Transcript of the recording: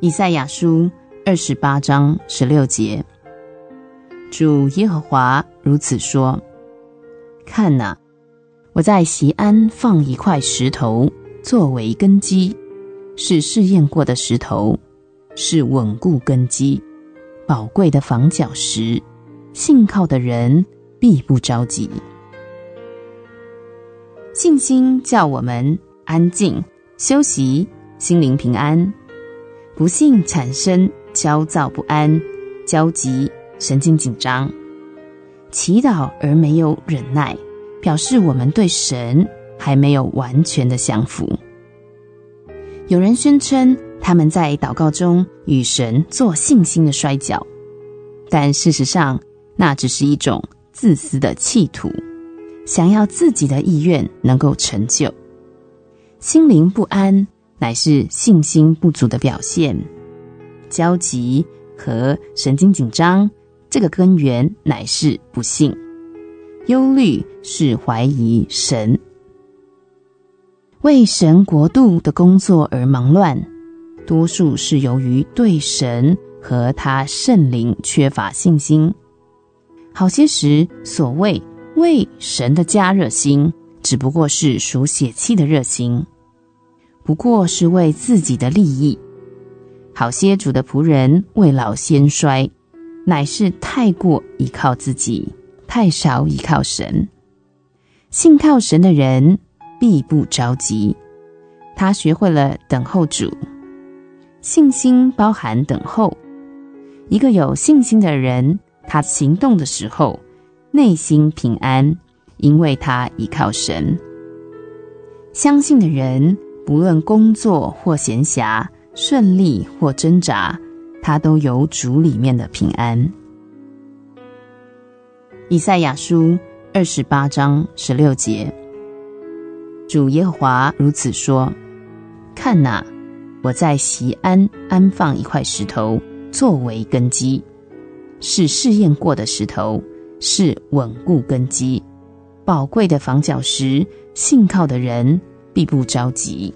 以賽亞書二十八章十六節，主耶和華如此說：“看哪、啊，我在錫安放一塊石頭作為根基，是試驗過的石頭，是穩固根基、寶貴的房角石。信靠的人必不着急。信心叫我們安靜、休息，心靈平安。”不幸產生焦躁不安、焦急、神經緊張，祈禱而沒有忍耐，表示我們對神還沒有完全的降服。有人宣稱他們在禱告中與神做信心的摔跤，但事實上那只是一種自私的企圖，想要自己的意願能夠成就，心靈不安，乃是信心不足的表現，焦急和神經緊張，這個根源乃是不信。憂慮是懷疑神，為神國度的工作而忙亂，多數是由於對神和他聖靈缺乏信心。好些時，所謂為神的加熱心，只不過是屬血氣的熱心。不過是為自己的利益。好些主的僕人未老先衰，乃是太過依靠自己，太少依靠神。信靠神的人必不着急，他學會了等候主，信心包含等候。一個有信心的人，他行動的時候，內心平安，因為他依靠神。相信的人，無論工作或閒暇，順利或掙扎，他都有主裡面的平安。以賽亞書二十八章十六節，主耶和華如此說：看哪、啊，我在錫安安放一塊石頭作為根基，是試驗過的石頭，是穩固根基，寶貴的房角石，信靠的人。必不着急。